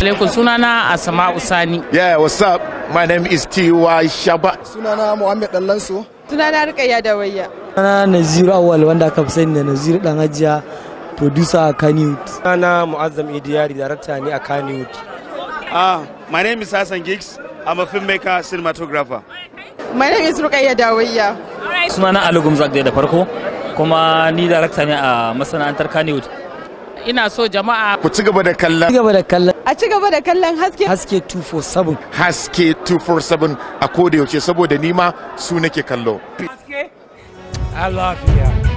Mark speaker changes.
Speaker 1: Alaikum sunana Asama Usani. Yeah, what's up? My name is
Speaker 2: T.Y.
Speaker 3: Shaba.
Speaker 4: Sunana Muhammad Dallansu. Sunana Rukaiya Dawaiya.
Speaker 2: Sunana Naziru Awal wanda aka fi sani da Naziru Dan Hajiya producer a Kannywood.
Speaker 3: Sunana Muazzam Idiyari director ne a Kannywood. Ah, my name is Hassan Giggs. I'm a filmmaker, cinematographer.
Speaker 5: My name is Rukaiya Dawaiya.
Speaker 3: Sunana
Speaker 6: Ali Gumzak da farko kuma ni darakta ne a masana'antar Kannywood.
Speaker 5: ina so jama'a
Speaker 6: ku ci gaba da
Speaker 7: kallon gaba da kallon a ci gaba da kallon haske haske 247 haske 247 a koda yaushe saboda nima su nake kallo haske
Speaker 8: i love